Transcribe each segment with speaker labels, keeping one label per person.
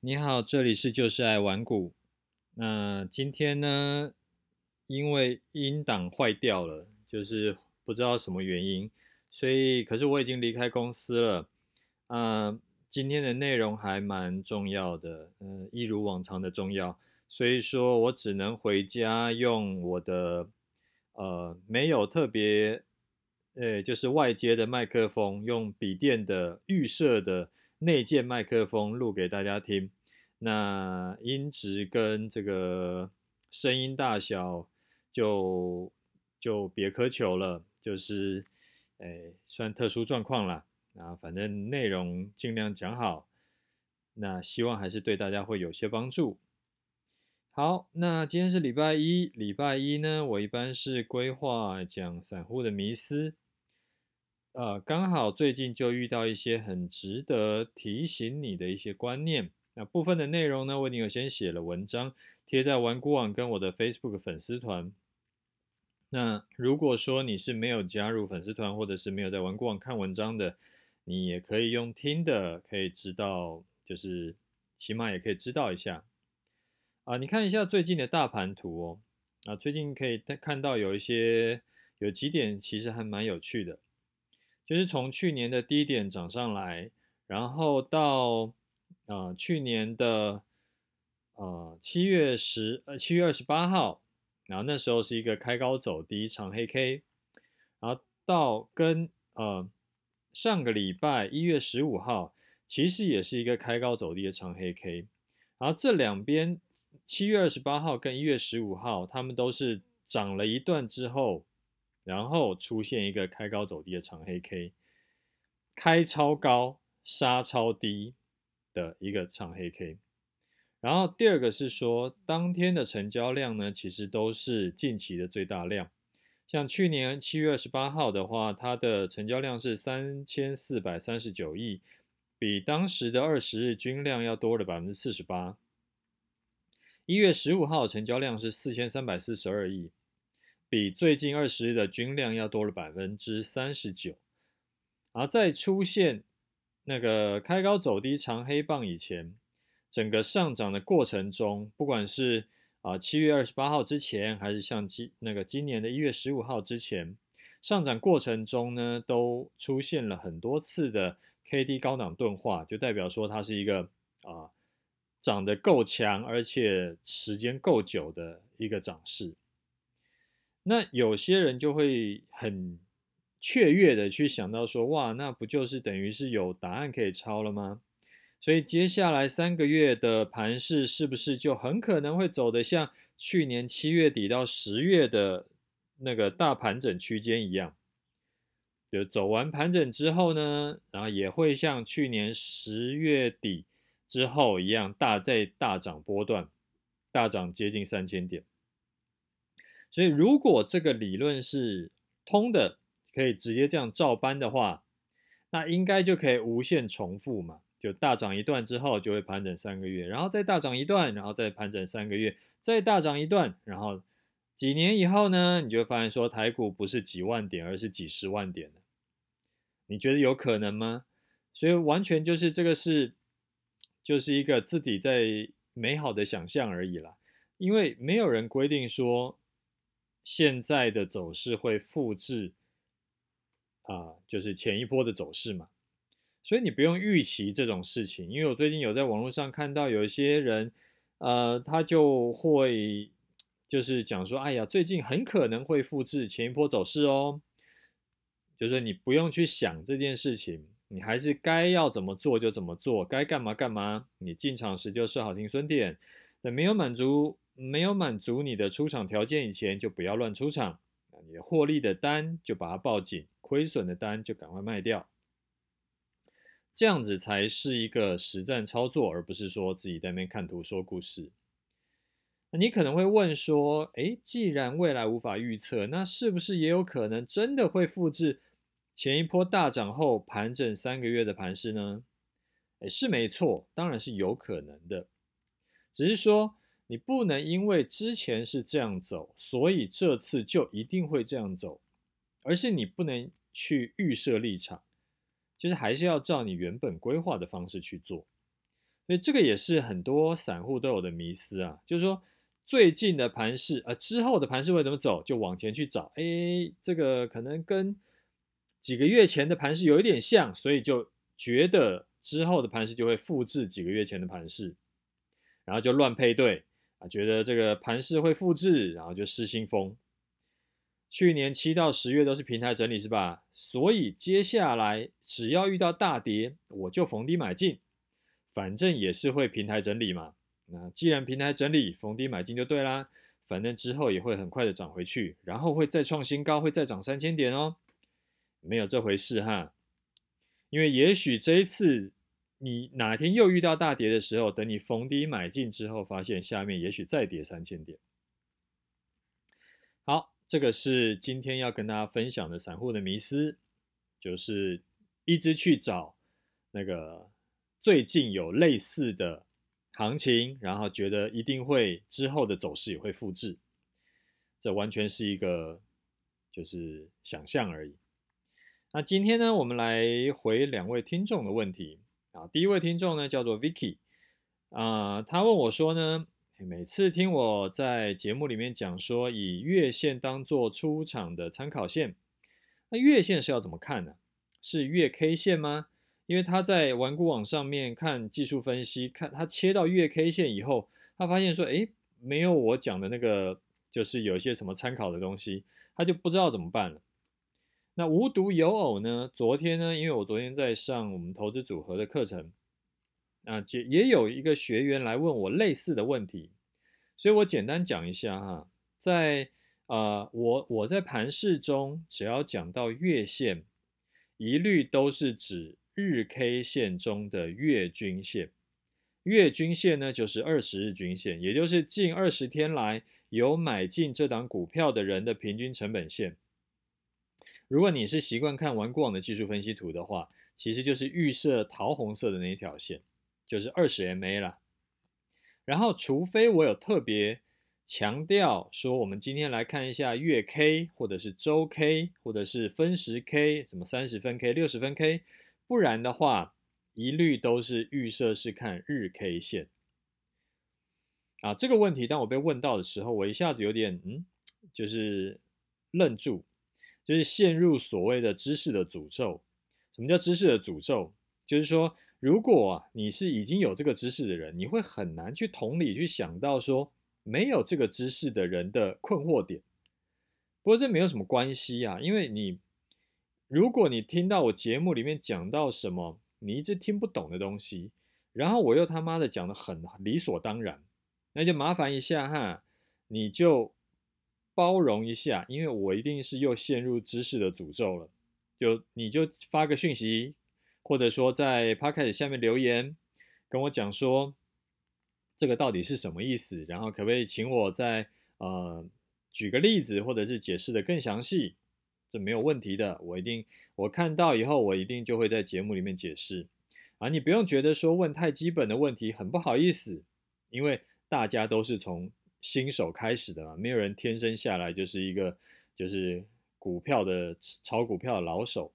Speaker 1: 你好，這裡是就是愛玩股。那、呃、今天呢，因為音檔壞掉了，就是不知道什麼原因，所以可是我已經離開公司了。嗯、呃，今天的內容還蠻重要的，嗯、呃，一如往常的重要，所以說我只能回家用我的，呃，沒有特別，呃，就是外接的麥克風，用筆電的預設的。內建麥克風錄給大家聽，那音質跟這個聲音大小就就別苛求了，就是哎、欸、算特殊狀況啦啊，反正內容盡量講好，那希望還是對大家會有些幫助。好，那今天是禮拜一，禮拜一呢，我一般是規劃講散戶的迷思。呃，剛好最近就遇到一些很值得提醒你的一些觀念。那部分的內容呢，我已經有先寫了文章，貼在玩股網跟我的 Facebook 粉絲團。那如果說你是沒有加入粉絲團，或者是沒有在玩股網看文章的，你也可以用聽的，可以知道，就是起碼也可以知道一下。啊、呃，你看一下最近的大盤圖哦。啊、呃，最近可以看到有一些有幾點，其實還蠻有趣的。就是從去年的低點漲上來，然後到呃去年的呃七月十呃七月二十八號，然後那時候是一個開高走低長黑 K，然後到跟呃上個禮拜一月十五號，其實也是一個開高走低的長黑 K，然後這兩邊七月二十八號跟一月十五號，他們都是漲了一段之後。然後出現一個開高走低的長黑 K，開超高殺超低的一個長黑 K。然後第二個是說，當天的成交量呢，其實都是近期的最大量。像去年七月二十八號的話，它的成交量是三千四百三十九億，比當時的二十日均量要多了百分之四十八。一月十五號成交量是四千三百四十二億。比最近二十日的均量要多了百分之三十九，而、啊、在出現那個開高走低長黑棒以前，整個上漲的過程中，不管是啊七、呃、月二十八號之前，還是像今那個今年的一月十五號之前，上漲過程中呢，都出現了很多次的 K D 高檔鈍化，就代表說它是一個啊漲、呃、得夠強，而且時間夠久的一個漲勢。那有些人就會很雀躍的去想到說，哇，那不就是等於是有答案可以抄了嗎？所以接下來三個月的盤勢是不是就很可能會走得像去年七月底到十月的那個大盤整區間一樣？就走完盤整之後呢，然後也會像去年十月底之後一樣大再大漲波段，大漲接近三千點。所以，如果這個理論是通的，可以直接這樣照搬的話，那應該就可以無限重複嘛？就大漲一段之後就會盤整三個月，然後再大漲一段，然後再盤整三個月，再大漲一段，然後幾年以後呢，你就會發現說台股不是幾萬點，而是幾十萬點。你覺得有可能嗎？所以完全就是這個是，就是一個自己在美好的想象而已啦，因為沒有人規定說。現在的走勢會複製啊、呃，就是前一波的走勢嘛，所以你不用預期這種事情。因為我最近有在網絡上看到有一些人，呃，他就會就是講說，哎呀，最近很可能會複製前一波走勢哦，就是你不用去想這件事情，你還是該要怎麼做就怎麼做，該幹嘛幹嘛。你進場時就設好停損點，但沒有滿足。沒有滿足你的出場條件以前，就不要亂出場。那你的獲利的單就把它抱緊，虧損的單就趕快賣掉。這樣子才是一個實戰操作，而不是說自己在那邊看圖說故事。你可能會問說：“誒，既然未來無法預測，那是不是也有可能真的會複製前一波大漲後盤整三個月的盤勢呢？”誒，是沒錯，當然是有可能的，只是說。你不能因為之前是這樣走，所以這次就一定會這樣走，而是你不能去預設立場，就是還是要照你原本規劃的方式去做。所以這個也是很多散戶都有的迷思啊，就是說最近的盤勢，啊、呃，之後的盤勢會怎麼走，就往前去找。誒，這個可能跟幾個月前的盤勢有一點像，所以就覺得之後的盤勢就會複製幾個月前的盤勢，然後就亂配對。啊，覺得這個盤勢會複製，然後就失心瘋。去年七到十月都是平台整理是吧？所以接下來只要遇到大跌，我就逢低買進，反正也是會平台整理嘛。那既然平台整理，逢低買進就對啦。反正之後也會很快的漲回去，然後會再創新高，會再漲三千點哦。沒有這回事哈，因為也許這一次。你哪天又遇到大跌的時候，等你逢低買進之後，發現下面也許再跌三千點。好，這個是今天要跟大家分享的散戶的迷思，就是一直去找那個最近有類似的行情，然後覺得一定會之後的走勢也會複製，這完全是一個就是想象而已。那今天呢，我們來回兩位聽眾的問題。啊，第一位聽眾呢叫做 Vicky，啊、呃，他問我說呢，每次聽我在節目裡面講說以月線當做出場的參考線，那月線是要怎麼看呢？是月 K 線嗎？因為他在玩股網上面看技術分析，看他切到月 K 線以後，他發現說，誒，沒有我講的那個，就是有一些什麼參考的東西，他就不知道怎麼辦了。那無獨有偶呢，昨天呢，因為我昨天在上我們投資組合的課程，啊，也也有一個學員來問我類似的問題，所以我簡單講一下哈，在啊、呃，我我在盤勢中，只要講到月線，一律都是指日 K 線中的月均線。月均線呢，就是二十日均線，也就是近二十天來有買進這檔股票的人的平均成本線。如果你是習慣看完過往的技術分析圖的話，其實就是預設桃紅色的那一條線，就是二十 MA 啦。然後，除非我有特別強調說，我們今天來看一下月 K 或者是周 K 或者是分時 K，什麼三十分 K、六十分 K，不然的話，一律都是預設是看日 K 線啊。這個問題，當我被問到的時候，我一下子有點嗯，就是愣住。就是陷入所謂的知識的詛咒。什麼叫知識的詛咒？就是說，如果你是已經有這個知識的人，你會很難去同理去想到說沒有這個知識的人的困惑點。不過這沒有什麼關係啊，因為你如果你聽到我節目裡面講到什麼你一直聽不懂的東西，然後我又他媽的講得很理所當然，那就麻煩一下哈，你就。包容一下，因為我一定是又陷入知識的詛咒了。就你就發個訊息，或者說在 Podcast 下面留言，跟我講說這個到底是什麼意思，然後可不可以請我再呃舉個例子，或者是解釋得更詳細？這沒有問題的，我一定我看到以後，我一定就會在節目裡面解釋。啊，你不用覺得說問太基本的問題很不好意思，因為大家都是從。新手開始的嘛，沒有人天生下來就是一個就是股票的炒股票的老手，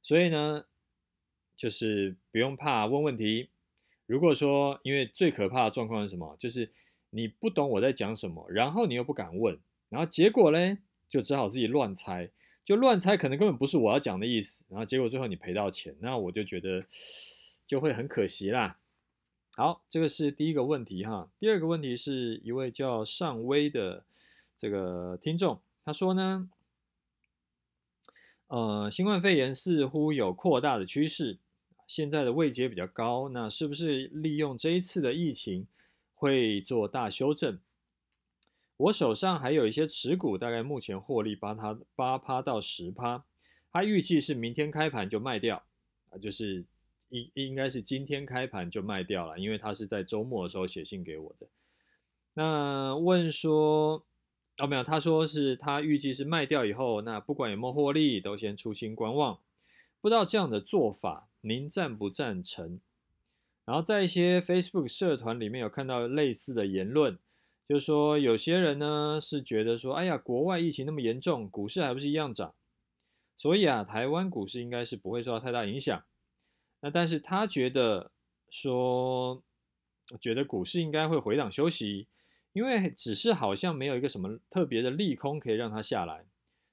Speaker 1: 所以呢，就是不用怕問問題。如果說，因為最可怕的狀況是什麼？就是你不懂我在講什麼，然後你又不敢問，然後結果咧，就只好自己亂猜，就亂猜可能根本不是我要講的意思，然後結果最後你賠到錢，那我就覺得就會很可惜啦。好，這個是第一個問題哈。第二個問題是一位叫尚威的這個聽眾，他說呢，呃，新冠肺炎似乎有擴大的趨勢，現在的位階比較高，那是不是利用這一次的疫情會做大修正？我手上還有一些持股，大概目前獲利八趴八趴到十趴，他預計是明天開盤就賣掉啊，就是。應應該是今天開盤就賣掉了，因為他是在周末的時候寫信給我的。那問說，哦，沒有，他說是他預計是賣掉以後，那不管有沒有獲利，都先出心觀望。不知道這樣的做法您贊不贊成？然後在一些 Facebook 社團裡面有看到類似的言論，就是說有些人呢是覺得說，哎呀，國外疫情那麼嚴重，股市還不是一樣漲，所以啊，台灣股市應該是不會受到太大影響。那但是他覺得說，覺得股市應該會回檔休息，因為只是好像沒有一個什麼特別的利空可以讓它下來。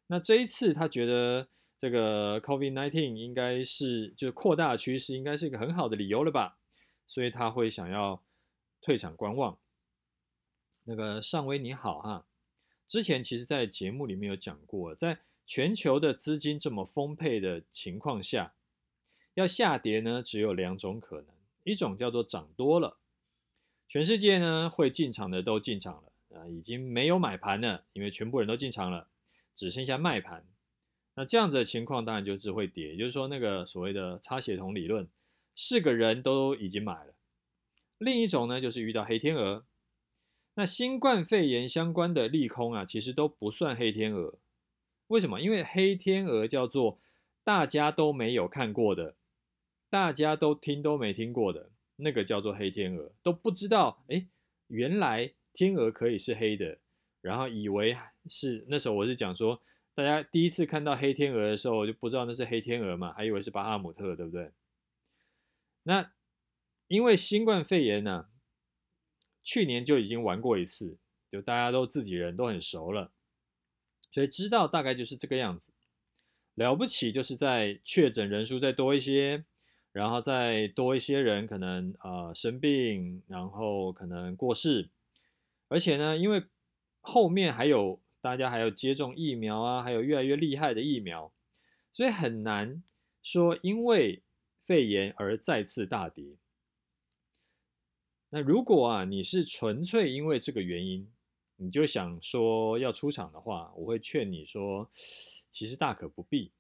Speaker 1: 那這一次他覺得這個 COVID-19 應該是就是擴大趨勢，應該是一個很好的理由了吧？所以他會想要退場觀望。那個尚威你好哈、啊，之前其實在節目裡面有講過，在全球的資金這麼豐沛的情況下，要下跌呢，只有兩種可能，一種叫做漲多了，全世界呢會進場的都進場了，啊，已經沒有買盤了，因為全部人都進場了，只剩下賣盤。那這樣子的情況當然就是會跌，也就是說那個所謂的擦鞋童理論，是個人都已經買了。另一種呢就是遇到黑天鵝，那新冠肺炎相關的利空啊，其實都不算黑天鵝。為什麼？因為黑天鵝叫做大家都沒有看過的。大家都聽都沒聽過的那個叫做黑天鵝，都不知道哎，原來天鵝可以是黑的，然後以為是那時候我是講說，大家第一次看到黑天鵝的時候，就不知道那是黑天鵝嘛，還以為是巴哈姆特，對不對？那因為新冠肺炎呢、啊，去年就已經玩過一次，就大家都自己人都很熟了，所以知道大概就是這個樣子。了不起就是在確診人數再多一些。然後再多一些人可能呃生病，然後可能過世，而且呢，因為後面還有大家還要接種疫苗啊，還有越來越厲害的疫苗，所以很難說因為肺炎而再次大跌。那如果啊你是純粹因為這個原因，你就想說要出場的話，我會勸你說，其實大可不必。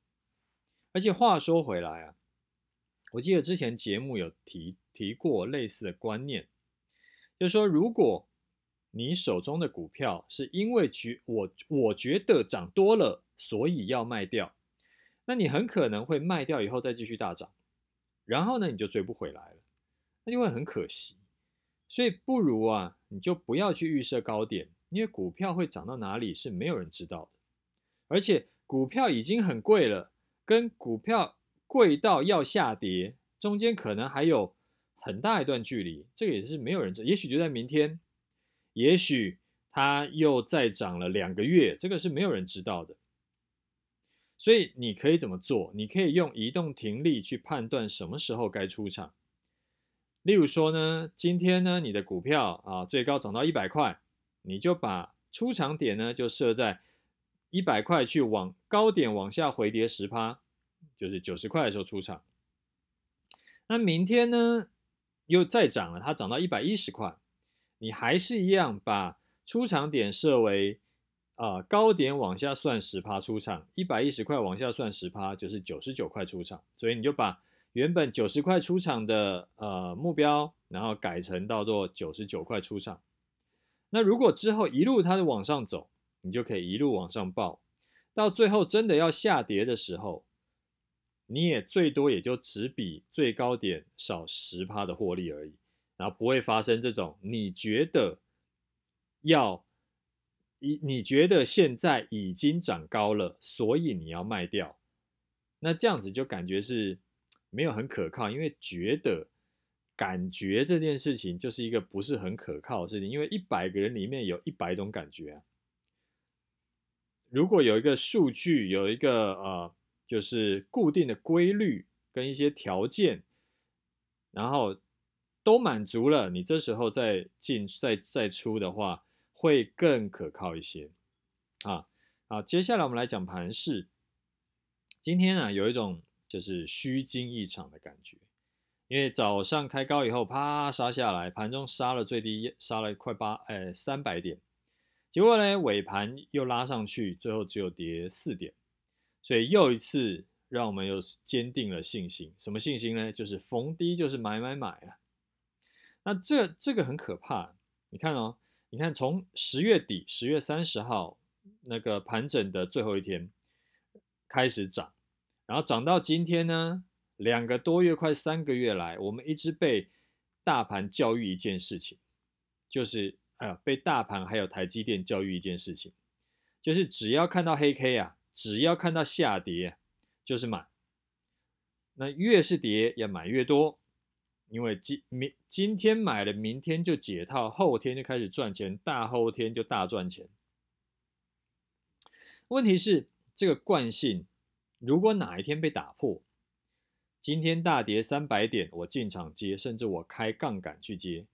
Speaker 1: 而且話說回來啊。我記得之前節目有提提過類似的觀念，就是說，如果你手中的股票是因為我我覺得漲多了，所以要賣掉，那你很可能會賣掉以後再繼續大漲，然後呢，你就追不回來了，那就會很可惜。所以不如啊，你就不要去預設高點，因為股票會漲到哪裡是沒有人知道的，而且股票已經很貴了，跟股票。貴到要下跌，中間可能還有很大一段距離，這個也是沒有人知道。也許就在明天，也許它又再漲了兩個月，這個是沒有人知道的。所以你可以怎麼做？你可以用移動停利去判斷什麼時候該出場。例如說呢，今天呢，你的股票啊最高漲到一百塊，你就把出場點呢就設在一百塊，去往高點往下回跌十趴。就是九十塊的時候出場，那明天呢又再漲了，它漲到一百一十塊，你還是一樣把出場點設為啊、呃、高點往下算十趴出場，一百一十塊往下算十趴就是九十九塊出場，所以你就把原本九十塊出場的呃目標，然後改成到做九十九塊出場。那如果之後一路它是往上走，你就可以一路往上報，到最後真的要下跌的時候。你也最多也就只比最高點少十趴的獲利而已，然後不會發生這種。你覺得要你，你覺得現在已經漲高了，所以你要賣掉，那這樣子就感覺是沒有很可靠，因為覺得感覺這件事情就是一個不是很可靠的事情，因為一百個人裡面有一百種感覺啊。如果有一個數據，有一個呃。就是固定的規律跟一些條件，然後都滿足了，你這時候再進再再出的話，會更可靠一些。啊好、啊，接下來我們來講盤勢。今天啊，有一種就是虛驚一場的感覺，因為早上開高以後啪殺下來，盤中殺了最低殺了快八哎三百點，結果呢，尾盤又拉上去，最後只有跌四點。所以又一次讓我們又堅定了信心。什麼信心呢？就是逢低就是買買買啊。那這這個很可怕。你看哦，你看從十月底十月三十號那個盤整的最後一天開始漲，然後漲到今天呢，兩個多月快三個月來，我們一直被大盤教育一件事情，就是啊、呃，被大盤還有台積電教育一件事情，就是只要看到黑 K 啊。只要看到下跌，就是買。那越是跌，要買越多，因為今明今天買了，明天就解套，後天就開始賺錢，大後天就大賺錢。問題是這個慣性，如果哪一天被打破，今天大跌三百點，我進場接，甚至我開槓桿去接，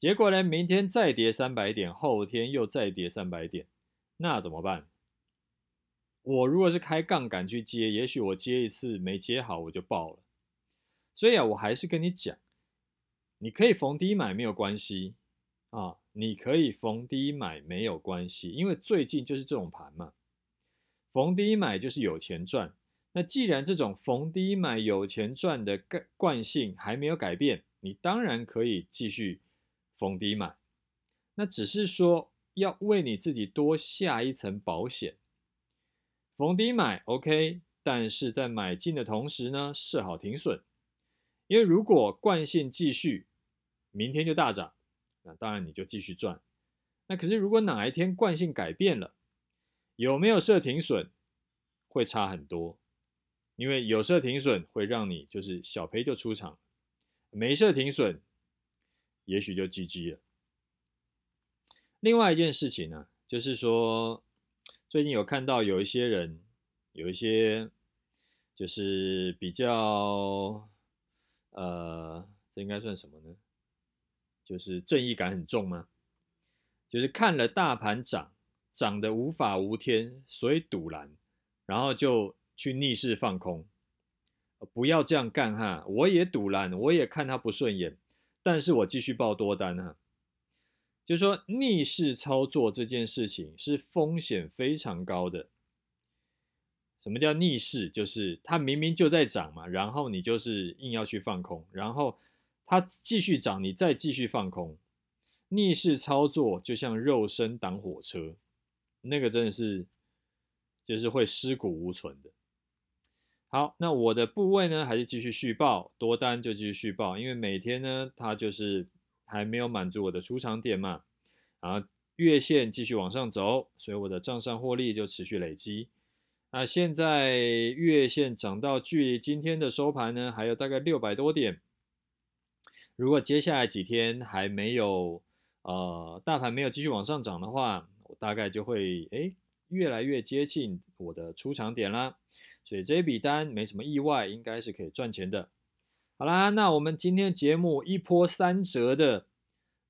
Speaker 1: 結果呢，明天再跌三百點，後天又再跌三百點，那怎麼辦？我如果是開槓桿去接，也許我接一次沒接好，我就爆了。所以啊，我還是跟你講，你可以逢低買沒有關係啊，你可以逢低買沒有關係，因為最近就是這種盤嘛，逢低買就是有錢賺。那既然這種逢低買有錢賺的概慣性還沒有改變，你當然可以繼續逢低買，那只是說要為你自己多下一層保險。逢低買，OK，但是在買進的同時呢，設好停損，因為如果慣性繼續，明天就大漲，那當然你就繼續賺。那可是如果哪一天慣性改變了，有沒有設停損，會差很多。因為有設停損，會讓你就是小賠就出場；沒設停損，也許就 GG 了。另外一件事情呢，啊，就是說。最近有看到有一些人，有一些就是比較，呃，這應該算什麼呢？就是正義感很重嗎？就是看了大盤漲，漲得無法無天，所以賭爛，然後就去逆勢放空，不要這樣幹哈！我也賭爛，我也看他不順眼，但是我繼續抱多單哈。就是說逆勢操作這件事情是風險非常高的。什麼叫逆勢？就是它明明就在漲嘛，然後你就是硬要去放空，然後它繼續漲，你再繼續放空。逆勢操作就像肉身擋火車，那個真的是就是會屍骨無存的。好，那我的部位呢，還是繼續續抱，多單就繼續續抱，因為每天呢，它就是還沒有滿足我的出場點嘛。然後月線繼續往上走，所以我的賬上獲利就持續累積。那現在月線漲到距今天的收盤呢，還有大概六百多點。如果接下來幾天還沒有，呃，大盤沒有繼續往上漲的話，我大概就會誒越來越接近我的出場點啦，所以這一筆單沒什麼意外，應該是可以賺錢的。好啦，那我們今天的節目一波三折的，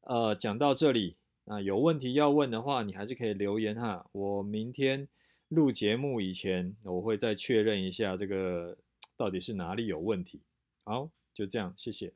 Speaker 1: 呃，講到這裡。啊，有問題要問的話，你還是可以留言哈。我明天錄節目以前，我會再確認一下這個到底是哪裡有問題。好，就這樣，謝謝。